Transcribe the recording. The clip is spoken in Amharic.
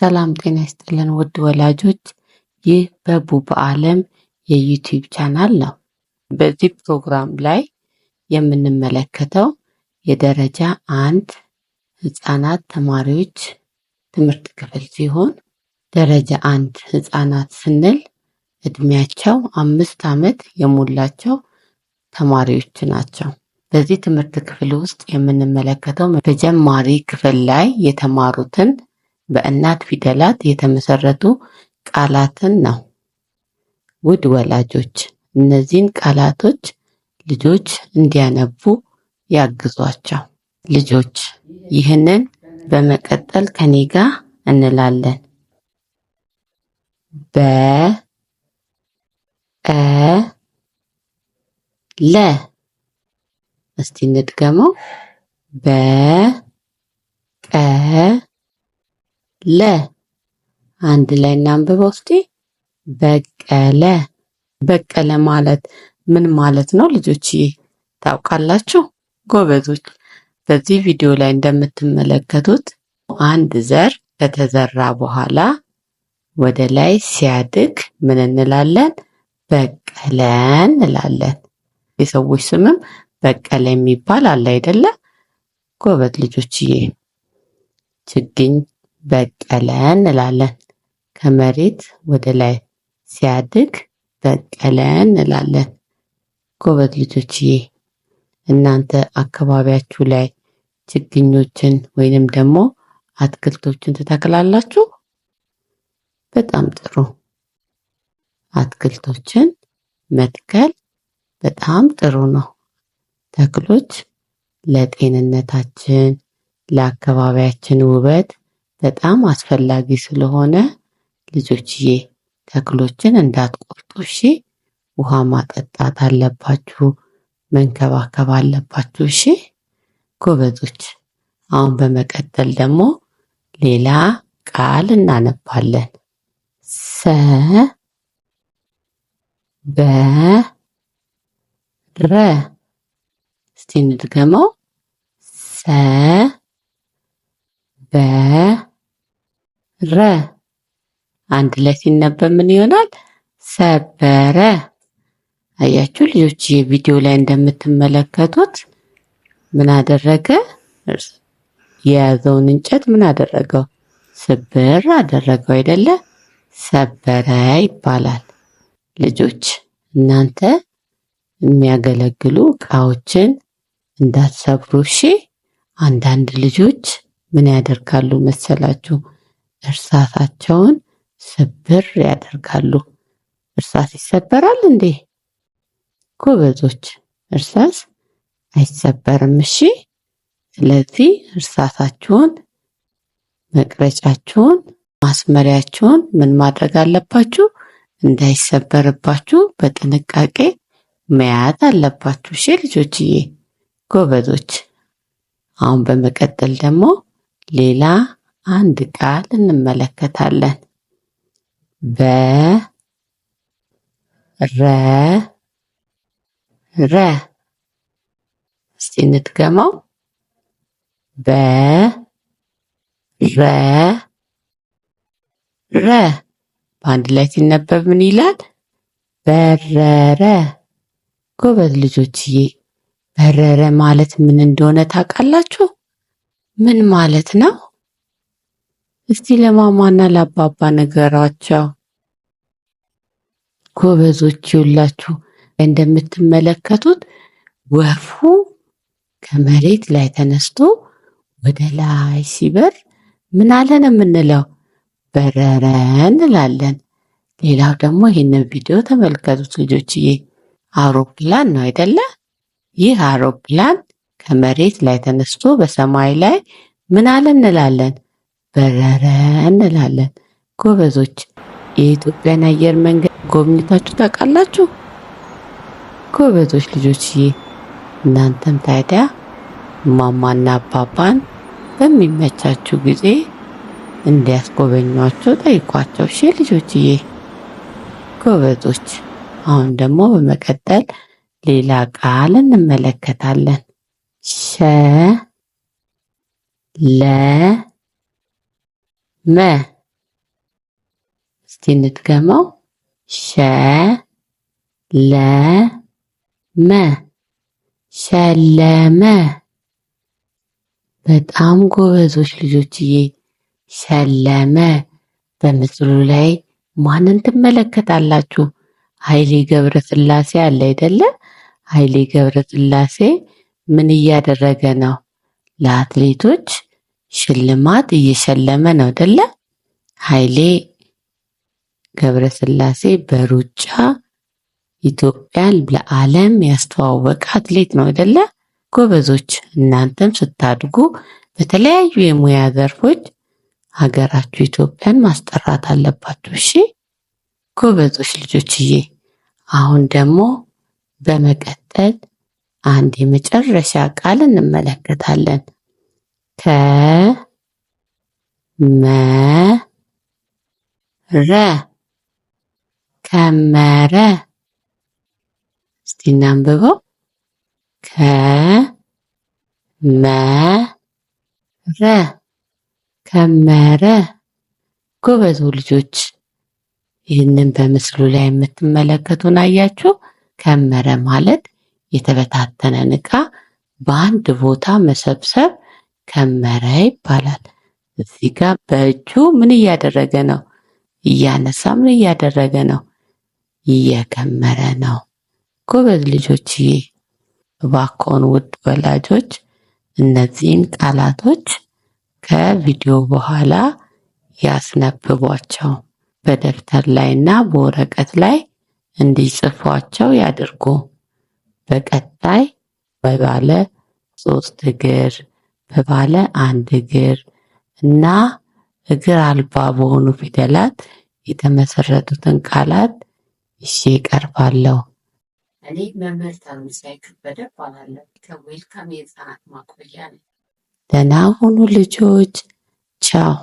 ሰላም ጤና ይስጥልን ውድ ወላጆች፣ ይህ በቡ በዓለም የዩቲዩብ ቻናል ነው። በዚህ ፕሮግራም ላይ የምንመለከተው የደረጃ አንድ ህጻናት ተማሪዎች ትምህርት ክፍል ሲሆን ደረጃ አንድ ህጻናት ስንል እድሜያቸው አምስት ዓመት የሞላቸው ተማሪዎች ናቸው። በዚህ ትምህርት ክፍል ውስጥ የምንመለከተው በጀማሪ ክፍል ላይ የተማሩትን በእናት ፊደላት የተመሰረቱ ቃላትን ነው። ውድ ወላጆች እነዚህን ቃላቶች ልጆች እንዲያነቡ ያግዟቸው። ልጆች ይህንን በመቀጠል ከኔ ጋር እንላለን። በ እ ለ እስቲ እንድገመው በ ቀ ለ አንድ ላይ እናንብበው እስቲ። በቀለ በቀለ ማለት ምን ማለት ነው ልጆችዬ? ታውቃላችሁ? ጎበዞች። በዚህ ቪዲዮ ላይ እንደምትመለከቱት አንድ ዘር ከተዘራ በኋላ ወደ ላይ ሲያድግ ምን እንላለን? በቀለ እንላለን። የሰዎች ስምም በቀለ የሚባል አለ አይደለ? ጎበዝ ልጆችዬ። ችግኝ በቀለ እንላለን። ከመሬት ወደ ላይ ሲያድግ በቀለ እንላለን። ጎበዝ ልጆችዬ፣ እናንተ አካባቢያችሁ ላይ ችግኞችን ወይንም ደግሞ አትክልቶችን ትተክላላችሁ? በጣም ጥሩ። አትክልቶችን መትከል በጣም ጥሩ ነው። ተክሎች ለጤንነታችን፣ ለአካባቢያችን ውበት በጣም አስፈላጊ ስለሆነ ልጆችዬ ተክሎችን እንዳትቆርጡ እሺ። ውሃ ማጠጣት አለባችሁ፣ መንከባከብ አለባችሁ እሺ ጎበዞች። አሁን በመቀጠል ደግሞ ሌላ ቃል እናነባለን። ሰ በ ረ እስቲ እንድገመው ሰ በ ረ አንድ ላይ ሲነበብ ምን ይሆናል? ሰበረ። አያችሁ ልጆች፣ የቪዲዮ ላይ እንደምትመለከቱት ምን አደረገ? የያዘውን እንጨት ምን አደረገው? ስብር አደረገው አይደለ? ሰበረ ይባላል። ልጆች እናንተ የሚያገለግሉ እቃዎችን እንዳትሰብሩ እሺ። አንዳንድ ልጆች ምን ያደርጋሉ መሰላችሁ? እርሳሳቸውን ስብር ያደርጋሉ። እርሳስ ይሰበራል እንዴ? ጎበዞች፣ እርሳስ አይሰበርም። እሺ፣ ስለዚህ እርሳሳችሁን፣ መቅረጫችሁን፣ ማስመሪያችሁን ምን ማድረግ አለባችሁ? እንዳይሰበርባችሁ በጥንቃቄ መያዝ አለባችሁ። እሺ ልጆችዬ፣ ጎበዞች። አሁን በመቀጠል ደግሞ ሌላ አንድ ቃል እንመለከታለን። በ ረ ረ እስቲ እንትገመው። በ ረ ረ በአንድ ላይ ሲነበብ ምን ይላል? በረረ። ጎበዝ ልጆችዬ፣ በረረ ማለት ምን እንደሆነ ታውቃላችሁ? ምን ማለት ነው? እስቲ ለማማና ለአባባ ነገሯቸው። ጎበዞች ይውላችሁ፣ እንደምትመለከቱት ወፉ ከመሬት ላይ ተነስቶ ወደ ላይ ሲበር ምን አለን የምንለው? በረረ እንላለን። ሌላው ደግሞ ይህንን ቪዲዮ ተመልከቱት ልጆችዬ። አውሮፕላን ነው አይደለ? ይህ አውሮፕላን ከመሬት ላይ ተነስቶ በሰማይ ላይ ምን አለ እንላለን? በረረ እንላለን። ጎበዞች፣ የኢትዮጵያን አየር መንገድ ጎብኝታችሁ ታውቃላችሁ? ጎበዞች ልጆችዬ፣ እናንተም ታዲያ ማማና አባባን በሚመቻችሁ ጊዜ እንዲያስጎበኟቸው ጠይቋቸው። እሺ ልጆችዬ፣ ጎበዞች። አሁን ደግሞ በመቀጠል ሌላ ቃል እንመለከታለን። ሸ ለ መ እስቲ እንትገመው ሸ ለ መ ሸለመ። በጣም ጎበዞች ልጆችዬ። ሸለመ። በምስሉ ላይ ማንን ትመለከታላችሁ? ኃይሌ ገብረስላሴ አለ አይደለ? ኃይሌ ገብረስላሴ ምን እያደረገ ነው? ለአትሌቶች ሽልማት እየሸለመ ነው አይደለ? ኃይሌ ገብረስላሴ በሩጫ ኢትዮጵያን ለዓለም ያስተዋወቀ አትሌት ነው አይደለ? ጎበዞች፣ እናንተም ስታድጉ በተለያዩ የሙያ ዘርፎች ሀገራችሁ ኢትዮጵያን ማስጠራት አለባችሁ። እሺ ጎበዞች ልጆችዬ። አሁን ደግሞ በመቀጠል አንድ የመጨረሻ ቃል እንመለከታለን። ከመረ ከመረ እስቲ እናንብበው። ከመረ ከመረ። ጎበዙ ልጆች ይህንን በምስሉ ላይ የምትመለከቱን አያችሁ። ከመረ ማለት የተበታተነን እቃ በአንድ ቦታ መሰብሰብ ከመረ ይባላል። እዚህ ጋር በእጁ ምን እያደረገ ነው? እያነሳ ምን እያደረገ ነው? እየከመረ ነው። ጎበዝ ልጆችዬ፣ እባክዎን ውድ ወላጆች እነዚህን ቃላቶች ከቪዲዮ በኋላ ያስነብቧቸው። በደብተር ላይና በወረቀት ላይ እንዲጽፏቸው ያድርጉ። በቀጣይ በባለ ሶስት እግር በባለ አንድ እግር እና እግር አልባ በሆኑ ፊደላት የተመሰረቱትን ቃላት ይዤ እቀርባለሁ። እኔ መምህር ታምሳይ ከበደ እባላለሁ። ከዌልካም የህፃናት ማቆያ ነኝ። ደህና ሁኑ ልጆች። ቻው